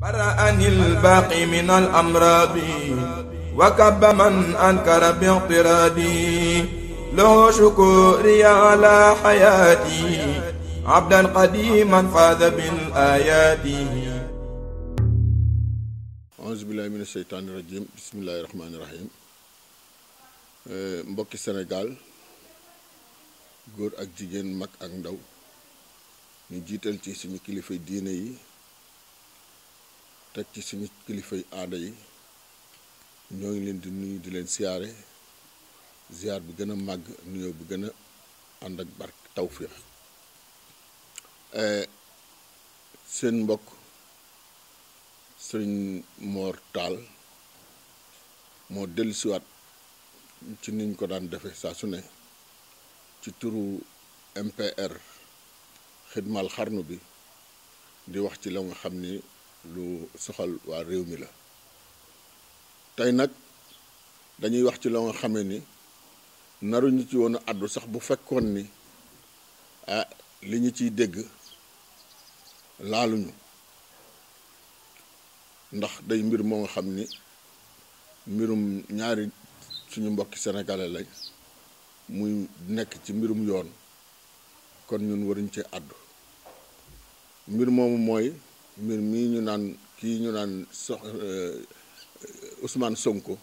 برأني الباقي من الأمراض وكب من أنكر باغترادي له شكوري على حياتي عبدا قديما فاز بالآيات أعوذ بالله من الشيطان الرجيم بسم الله الرحمن الرحيم mbokki Sénégal góor ak jigéen mag ak ndaw ñu jiital ci suñu kilifa diine yi teg ci suñu kilifay aada yi ñoo ngi leen di nuyu di leen siyaare ziar bi gën a màgg nuyoo bu gën a ànd ak barke tawféex eh, seen mbokk sëriñ Mor Tall moo dellusiwaat ci niñ ko daan defe saa su ne ci turu MPR xidmal xarnu bi di wax ci la nga xam ni lu soxal waa réew mi la tey nag dañuy wax ci la nga xamee ni naruñu ci woon addu sax bu fekkoon ni ah li ñu ciy dégg laaluñu ndax day mbir moo nga xam ni mbirum ñaari suñu mbokki sénégalais lañ muy nekk ci mbirum yoon kon ñun waruñ ci àddu mbir moomu mooy mbir mii ñu naan kii ñu naan sox eh, eh, Ousmane Sonko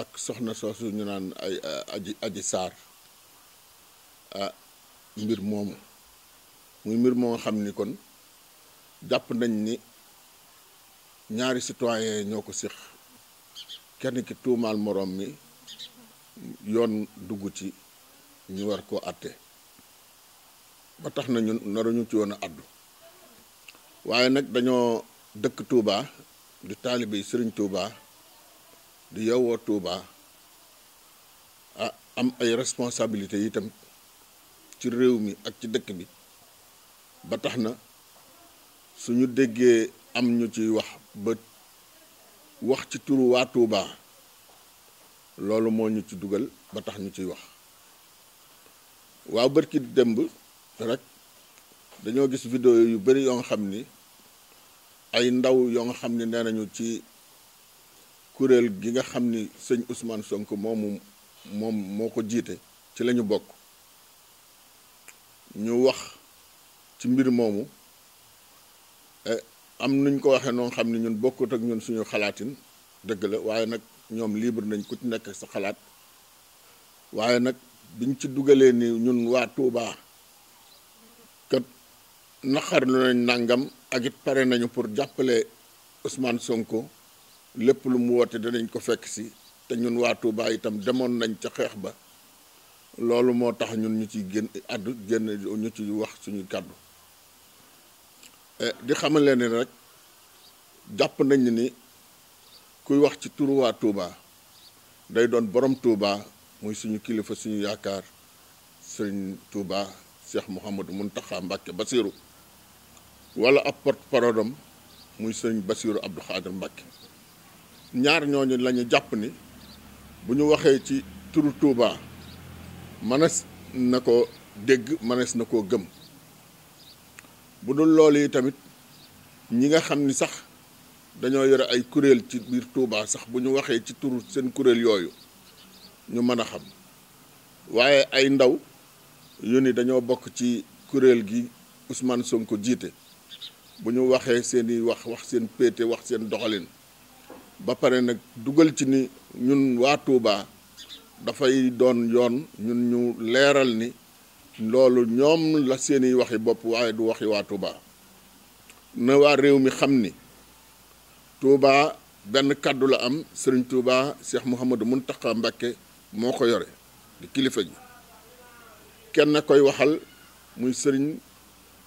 ak soxna soosu ñu naan ay eh, aji aji saar ah mbir moomu muy mbir moo xam ni kon jàpp nañ ni ñaari citoyen ñoo ko séq kenn ki tuumaal moroom mi yoon dugg ci ñu war koo àtte ba tax na ñun naruñu ci woon a àddu waaye nag dañoo dëkk Touba di taalibe Sëriñ Touba di yowoo Touba ah am ay responsabilité itam ci réew mi ak ci dëkk bi ba tax na suñu déggee am ñu ci wax ba wax ci turu waa Touba loolu moo ñu ci dugal ba tax ñu ciy wax bët ki demb rek dañoo gis vidéo yu bari yoo xam ni ay ndaw yoo nga xam ni nee nañu ci kuréel gi nga xam ni sëñ Ousmane Sonko moomu moom moo ko jiite ci lañu bokk ñu wax ci mbir moomu eh, am nuñ ko waxee noonu xam ni ñun bokkut ak ñun suñu xalaatin dëgg la waaye nag ñoom libre nañ ku ci nekk sa xalaat waaye nag biñ ci dugalee ni ñun waa Touba. naqar lu nañ nàngam ak it pare nañu pour jàppale Ousmane Sonko lépp lu mu woote danañ ko fekk si te ñun waa Touba itam demoon nañ ca xeex ba loolu moo tax ñun ñu ci génn àddu génn ñu ci wax suñu kàddu e, di xamal leen ni rek jàpp nañ ni kuy wax ci turu waa Touba day doon borom Touba muy suñu kilifa suñu yaakaar sëriñ Touba Cheikh Mouhamadou Mountakha ba Bassirou wala ab porte muy sëñ basiiru Abdou Khadir Mbacké ñaar ñooñu lañu jàpp ni bu ñu waxee ci turu Touba mënees na ko dégg mënees na koo gëm bu dul loolu yi tamit ñi nga xam ni sax dañoo yore ay kuréel ci biir Touba sax bu ñu waxee ci turu seen kuréel yooyu ñu mën a xam waaye ay ndaw yu ni dañoo bokk ci kuréel gi Ousmane Sonko jiite bu ñu waxee seeni wax wax seen péete wax seen doxalin ba pare nag dugal ci ni ñun waa Touba dafay doon yoon ñun ñu leeral ni loolu ñoom la seen i waxi bopp waaye du waxi waa Touba na waa réew mi xam ni Touba benn kàddu la am sëriñ Touba Cheikh Mouhamadou Mountakha Mbacké moo ko yore di kilifa ji kenn koy waxal muy sëriñ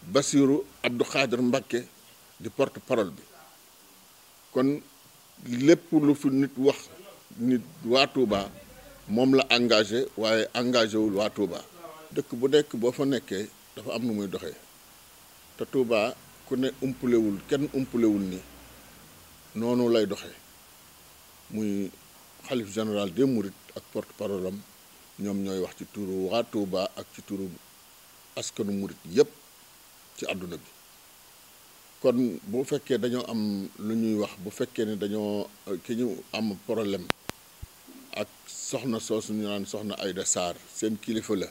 Bassirou Abdou Khadir Mbacké di porte parole bi kon lépp lu fi nit wax nit waa Touba moom la engagé waaye engagé wul waa Touba dëkk bu nekk boo fa nekkee dafa am nu muy doxee te Touba ku ne umpalewul kenn umpalewul ni noonu lay doxee muy xalif général des Mourides ak porte parole am ñoom ñooy wax ci turu waa Touba ak ci turu askanu Mouride yépp ci àdduna bi kon bu fekkee dañoo am lu ñuy wax bu fekkee ne dañoo ki ñu am problème ak soxna soosu ñu naan soxna Aida Sarr seen kilifa la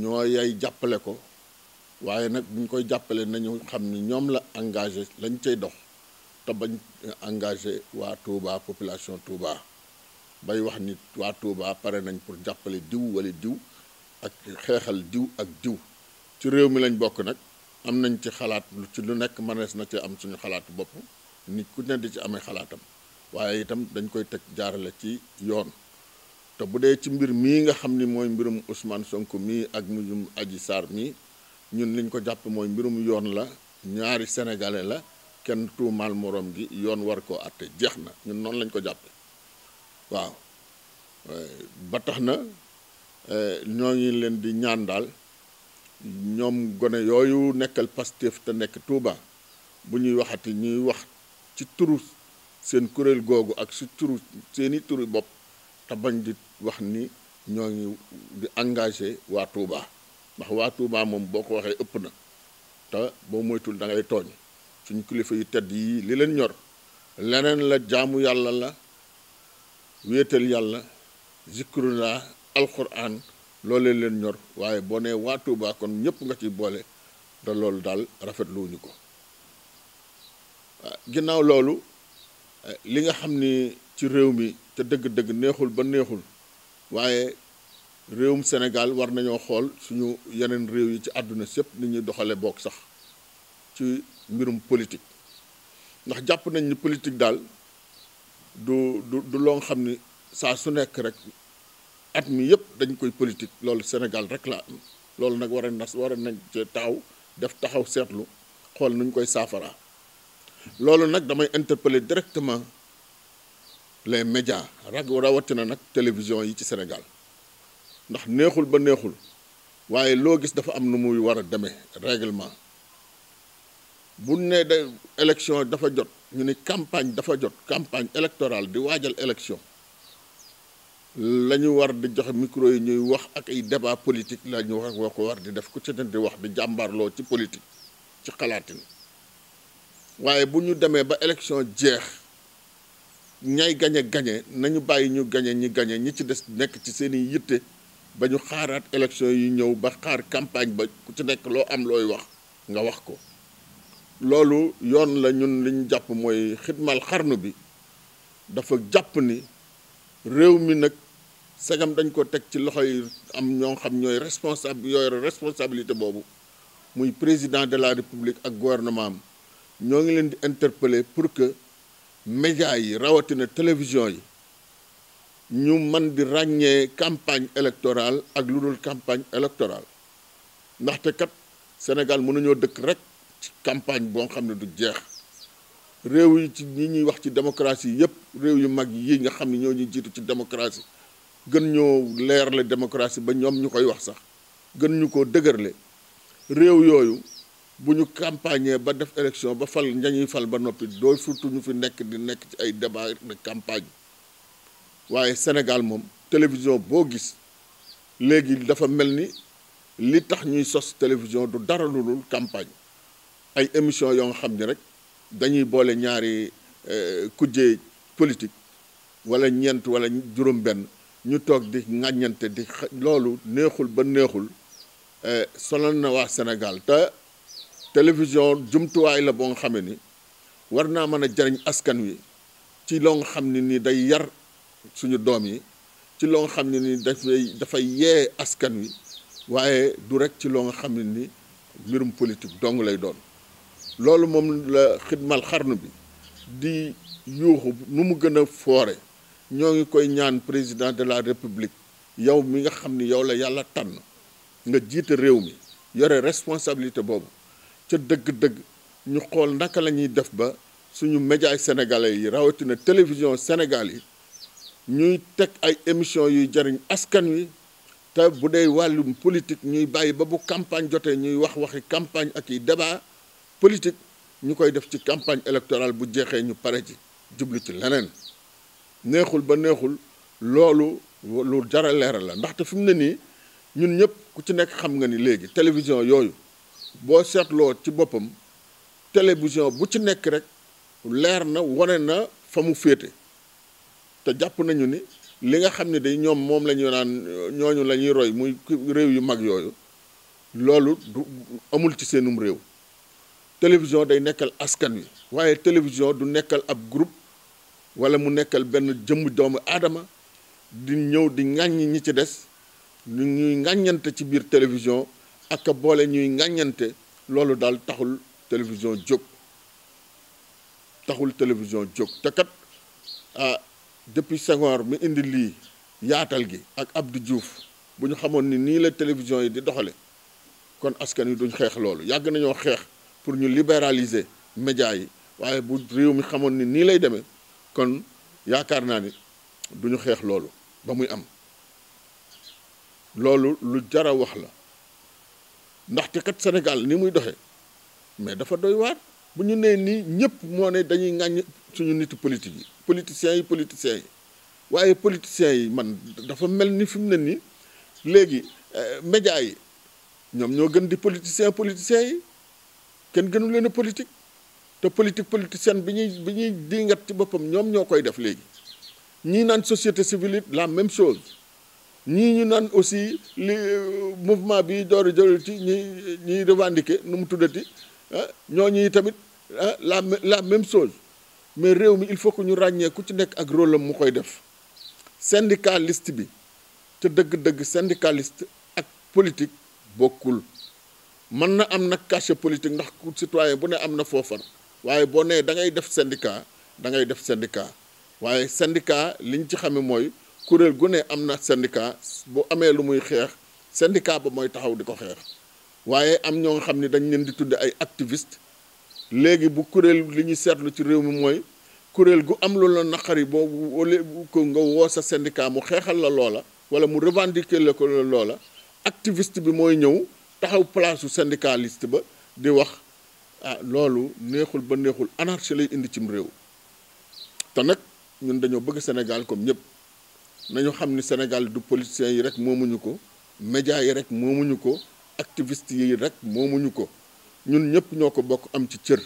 ñoo yay jàppale ko waaye nag bu ñu koy jàppale nañu xam ni ñoom la engagé lañ cay dox te bañ engagé waa Touba population Touba bay wax nit waa Touba pare nañ pour jàppale diw wala diw ak xeexal diw ak diw ci réew mi lañ bokk nag. am nañ ci xalaat ci lu nekk manees na ci am suñu xalaatu bopp nit ku ne di ci amee xalaatam waaye itam dañ koy teg jaarale ci yoon te bu dee ci mbir mii nga xam ni mooy mbirum Ousmane Sonko mii ak mbirum Adji Sarr mii ñun liñ ko jàpp mooy mbirum yoon la ñaari sénégalais la kenn tuumaal moroom gi yoon war koo àtte jeex na ñun noonu lañ ko jàppe waaw eh, ba tax na eh, ñoo yi leen di ñaan daal ñoom gone yooyu nekkal Pastef te nekk Touba bu ñuy waxati ñuy wax ci turu seen kuréel googu ak ci turu seeni turu bopp te bañ di wax ni ñoo ngi di engagé waa Touba ndax waa Touba moom boo ko waxee ëpp na te boo moytul da ngay tooñ suñ kilifa yu tedd yi li leen ñor leneen la jaamu yàlla la wéetal yàlla zikru la alquran loolee leen ñor waaye boo nee waa Touba kon ñëpp nga ci boole te loolu daal rafetluwuñu ko ginnaaw loolu eh, li nga xam ni ci réew mi te dëgg-dëgg neexul ba neexul waaye réewum senegal war nañoo xool suñu yeneen réew yi ci àdduna sépp ni ñuy doxale bokk sax ci mbirum politique ndax jàpp nañ ni politique daal du du du loo xam ni saa su nekk rek at mi yëpp dañ koy politique loolu Sénégal rek la am loolu nag wara a nas war a nañ ci taaw def taxaw seetlu xool nuñ koy saafara loolu nag damay interpeller directement les médias rag rawatina nag télévision yi ci Sénégal ndax neexul ba neexul waaye loo gis dafa am nu muy war a demee règlement bu ne de élection dafa jot ñu ni campagne dafa jot campagne électorale di waajal élection lañu war di joxe micro yi ñuy wax ak ay débat politique la ñu wax ko war di def ku ci ne di wax di jàmbaarloo ci politique ci xalaatin waaye bu ñu demee ba élection jeex ñay gañe gañe nañu bàyyi ñu gañe ñi gañe ñi ci des nekk ci seen i yitte ba ñu xaaraat élection yi ñëw ba xaar campagne ba ku ci nekk loo am looy wax nga wax ko loolu yoon la ñun li jàpp mooy xidmal xarnu bi dafa jàpp ni réew mi nag segam dañ ko teg ci loxo yi am ñoo xam ñooy responsable yooyu responsabilité boobu muy président de la république ak gouvernement am ñoo ngi leen di interpeller pour que médias yi rawatina télévision yi ñu man di ràññee campagne électorale ak lu dul campagne électorale ndaxte kat Sénégal mënuñoo dëkk rek ci campagne boo xam ne du jeex réew yi ci ñi ñuy wax ci démocratie yépp réew yu mag yi nga xam ne ñoo ñu jiitu ci démocratie gën ñoo leerle démocratie ba ñoom ñu koy wax sax gën ñu ko dëgërle réew yooyu bu ñu campagner ba def élection ba fal ñañuy fal ba noppi doo surtout ñu fi nekk di nekk ci ay débat de campagne waaye Sénégal moom télévision boo gis léegi dafa mel ni li tax ñuy sos télévision du dara lu dul campagne ay émission yoo nga xam ni rek dañuy boole ñaari euh, kujje politique wala ñeent wala juróom-benn ñu toog di ŋàññante di loolu neexul ba neexul eh, sonal na waa Sénégal te télévision jumtuwaay la boo nga xamee ni war naa mën a jariñ askan wi ci loo nga xam ne nii day yar suñu doom yi ci loo xam ne nii dafay dafay yee askan wi waaye du rek ci loo nga xam ne nii mbirum politique dong lay doon loolu moom la xidmal xarnu bi di yuuxu nu mu gën a foore ñoo ngi koy ñaan président de la république yow mi nga xam ni yow la yàlla tànn nga jiite réew mi yore responsabilité boobu ca dëgg-dëgg ñu xool naka la ñuy def ba suñu médias sénégalais yi rawatina télévision Sénégal yi ñuy teg ay émissions yuy jariñ askan wi te bu dee wàllum politique ñuy bàyyi ba bu campagne jotee ñuy wax waxi campagne ak i débat politique ñu koy def ci campagne électorale bu jeexee ñu pare ci jublu ci leneen. neexul ba neexul loolu lu jara leeral la ndaxte fi mu ne nii ñun ñëpp ku ci nekk xam nga ni léegi télévision yooyu boo seetloo ci boppam télévision bu ci nekk rek leer na wane na fa mu féete te jàpp nañu ni li nga xam ne day ñoom moom la ñu naan ñooñu la ñuy roy muy réew yu mag yooyu loolu du amul ci seenum réew télévision day nekkal askan wi waaye télévision du nekkal ab groupe wala mu nekkal benn jëmm doomu aadama di ñëw di ŋàññi ñi ci des ñuy ŋàññante ci biir télévision ak boole ñuy ŋàññante loolu daal taxul télévision jóg taxul télévision jóg te kat ah depuis Senghor mu indi lii yaatal gi ak Abdou Diouf bu ñu xamoon ni nii la télévision yi di doxale kon askan wi duñ xeex loolu yàgg nañoo xeex pour ñu libéraliser média yi waaye bu réew mi xamoon ni nii lay demee kon yaakaar naa ni duñu xeex loolu ba muy am loolu lu jara wax la ndaxte kat Sénégal ni muy doxe mais dafa doy waat bu ñu nee nii ñëpp moo ne dañuy ŋàññ suñu nitu politique yi politiciens yi politiciens yi waaye politiciens yi man dafa mel ni fi mu ne nii léegi eh, média yi ñoom ñoo gën di politiciens politiciens yi kenn gënu leen a politique te politique politicienne bi ñuy bi ñuy dingat ci boppam ñoom ñoo koy def léegi ñii naan société civile it la même chose ñii ñu naan aussi li euh, mouvement bi door a jël ci ñi ñuy revendiquer nu mu tuddati ñoo ah, ñooñu tamit ah la la même chose mais réew mi il faut que ñu ràññee ku ci nekk ak rôle am mu koy def syndicaliste bi te dëgg-dëgg syndicaliste ak politique bokkul mën na am nag cachet politique ndax ku citoyen bu ne am na foofar waaye boo nee da ngay def syndicat da ngay def syndicat waaye syndicat liñ ci xame mooy kuréel gu ne am na syndicat bu amee lu muy xeex syndicat ba mooy taxaw di ko xeex waaye am ñoo nga xam ni dañ leen di tudde ay activiste léegi bu kuréel li ñuy seetlu ci réew mi mooy kuréel gu am lu la naqari boobu wala ko nga woo sa syndicat mu xeexal la loola wala mu revendiquer la ko loola activiste bi mooy ñëw taxaw place su syndicaliste ba di wax ah loolu neexul ba neexul anarchie lay indi cim réew te nag ñun dañoo bëgg Sénégal comme ñëpp nañu xam ni Sénégal du politiciens yi rek moomuñu ko médias yi rek moomuñu ko activistes yi rek moomuñu ko ñun ñëpp ñoo ko bokk am ci cër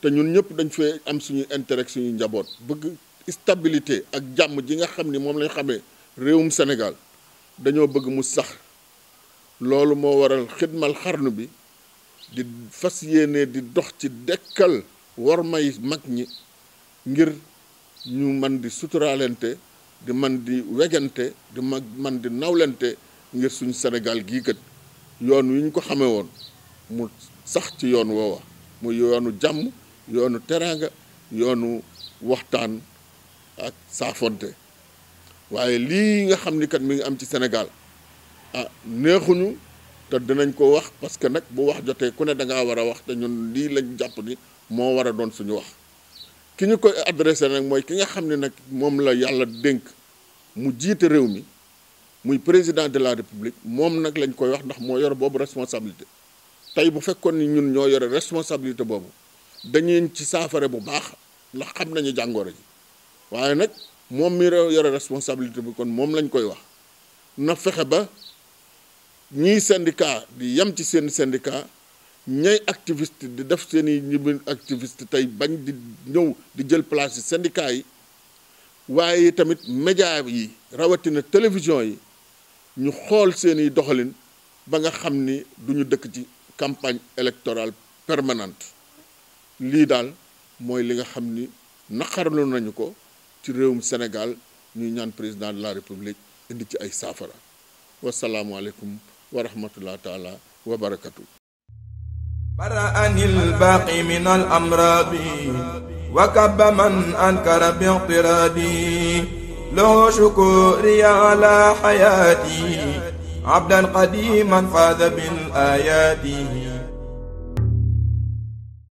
te ñun ñëpp dañ fee am suñuy intérêt suñuy njaboot bëgg stabilité ak jàmm ji nga xam ni moom lañ xamee réewum Sénégal dañoo bëgg mu sax loolu moo waral xidmal xarnu bi di fas yéene di dox ci dëkkal war may mag ñi ngir ñu man di suturaalante di man di wegante di mag man di nawlante ngir suñ senegal gii kat yoon wi ñu ko xamee woon mu sax ci yoon woowa mu yoonu jàmm yoonu teraanga yoonu waxtaan ak saafonte waaye lii nga xam ni kat mi ngi am ci senegal ah, neexuñu te dinañ ko wax parce que nag bu wax jotee ku ne da war a wax te ñun lii lañ jàpp ni moo war a doon suñu wax ki ñu koy adressé nag mooy ki nga xam ni nag moom la yàlla dénk mu jiite réew mi muy président de la république moom nag lañ koy wax ndax moo yor boobu responsabilité tey bu fekkoon ni ñun ñoo yore responsabilité boobu dañuy ci saafara bu baax ndax xam nañu jàngooro ji waaye nag moom mi yore responsabilité bi kon moom lañ koy wax na fexe ba. ñiy syndicat di yem ci seen syndicat ñay activiste di def seeni i ñibbi tey bañ di ñëw di jël place ci syndicat yi waaye tamit média yi rawatina télévision yi ñu xool seen i doxalin ba nga xam ni duñu dëkk ci campagne électorale permanente lii daal mooy li nga xam ni naqarlu nañu ko ci réewum Sénégal ñuy ñaan président de la république indi ci ay saafara wasalaamualeykum wa rahmatullahi taala wa barakatu برأني الباقي من الأمراض وكب من أنكر باغترادي له شكوري على حياتي عبدا قديما فاز بالآيات